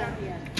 对。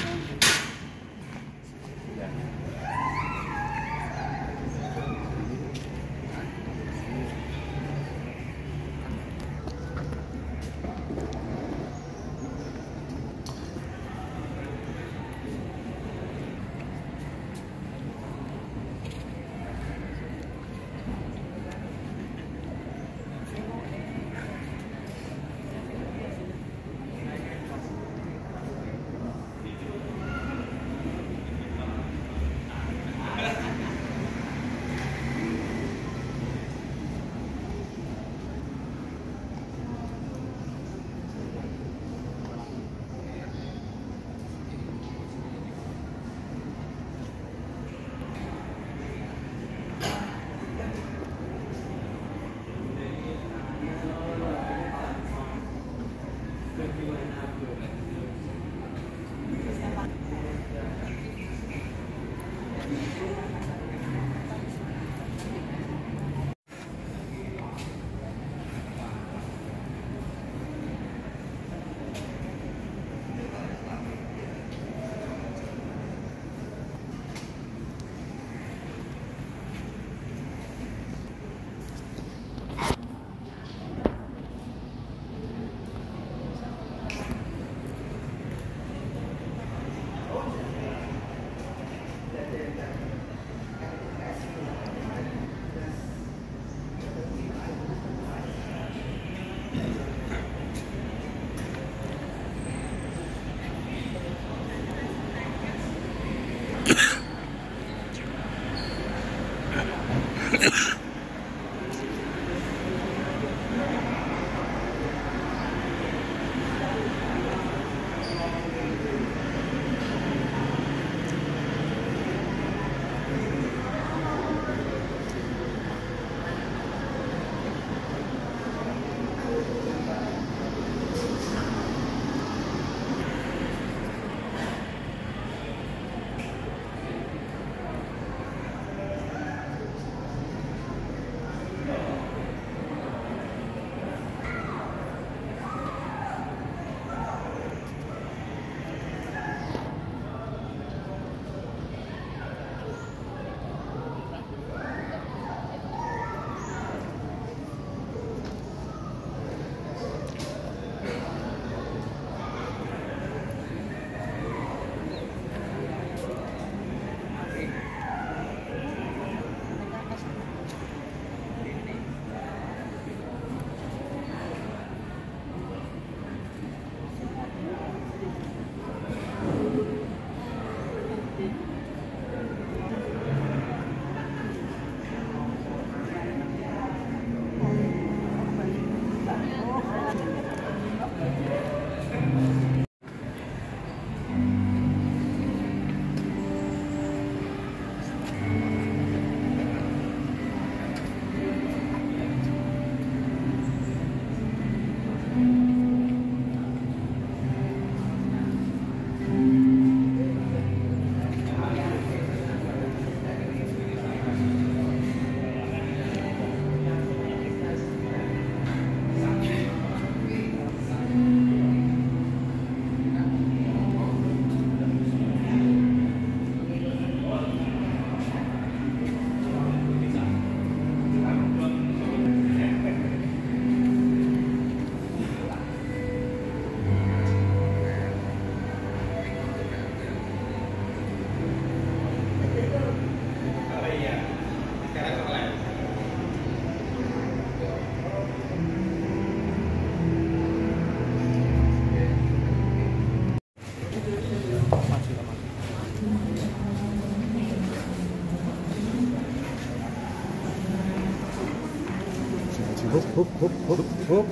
hup hup hup hup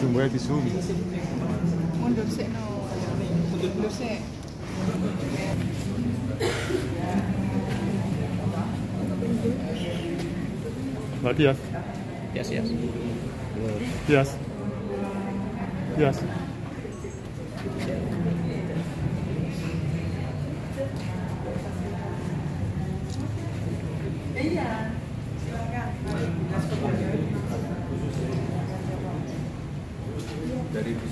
sumber di sumi mundur sik no mundur Yes, yes. Yes. Yes. yes.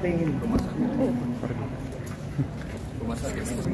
p e rumah sakit rumah sakit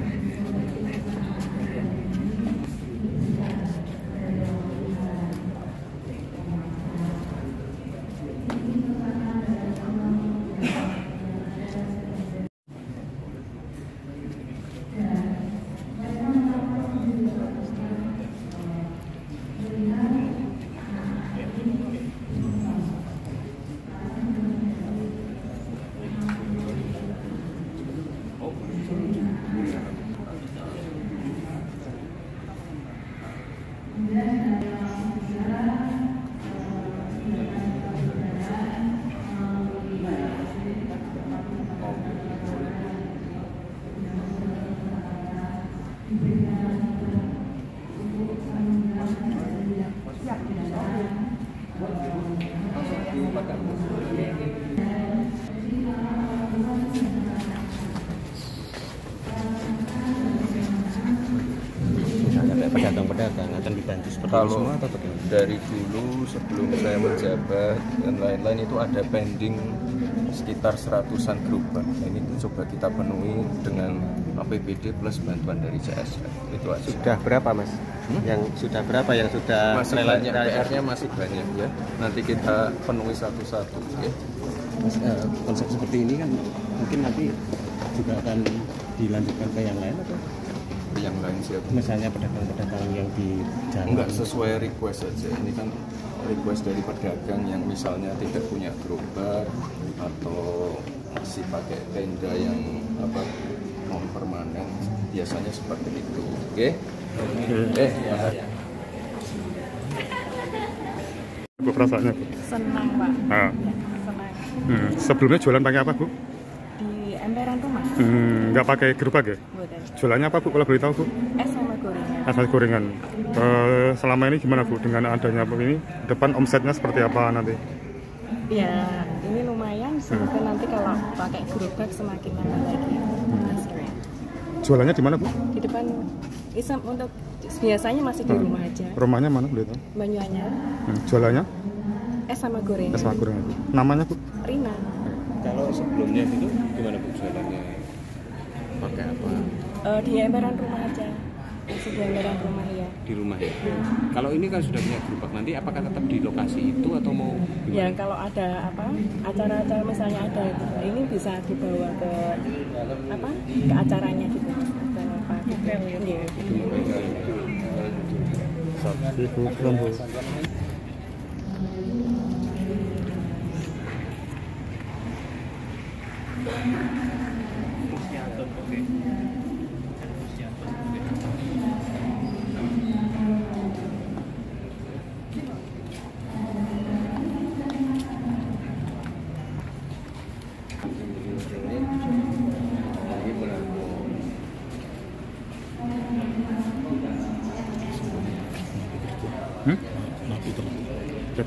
kalau dari dulu sebelum saya menjabat dan lain-lain itu ada pending sekitar seratusan gerobak. Nah, ini coba kita penuhi dengan APBD plus bantuan dari CSR. Itu aja. Sudah berapa mas? Hmm? Yang sudah berapa yang sudah masih banyak PR-nya masih banyak ya. Nanti kita penuhi satu-satu ya. Mas, uh, konsep seperti ini kan mungkin nanti juga akan dilanjutkan ke yang lain atau? yang lain siapa? Misalnya pedagang-pedagang yang di jalan. Enggak sesuai request saja. Ini kan request dari pedagang yang misalnya tidak punya gerobak atau masih pakai tenda yang apa non permanen biasanya seperti itu oke okay? eh ya. Bu perasaannya Senang pak. Ah. Ya, senang. Hmm. Sebelumnya jualan pakai apa bu? Di emperan rumah. Hmm nggak pakai gerobak ya? Bukan. Jualannya apa Bu kalau boleh tahu Bu? Es sama gorengan. Es sama gorengan. E, selama ini gimana Bu dengan adanya Bu ini? Depan omsetnya seperti apa nanti? Ya ini lumayan semoga hmm. nanti kalau pakai gerobak semakin banyak. lagi. Hmm. Jualannya di mana Bu? Di depan Isam untuk biasanya masih di hmm. rumah aja. Rumahnya mana boleh tahu? Banyuanya. Hmm. Jualannya? Es sama gorengan. Es sama gorengan. Namanya Bu? Rina. Kalau sebelumnya itu gimana Bu jualannya? pakai apa uh, di emperan rumah aja masih di emperan rumah ya di rumah ya hmm. kalau ini kan sudah punya gerobak nanti apakah tetap di lokasi itu atau mau gimana? ya kalau ada apa acara-acara misalnya ada ini bisa dibawa ke apa ke acaranya gitu ketok.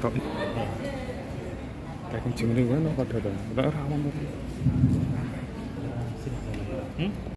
Hmm? Kayak kucing ini kan kok ada. Ora ora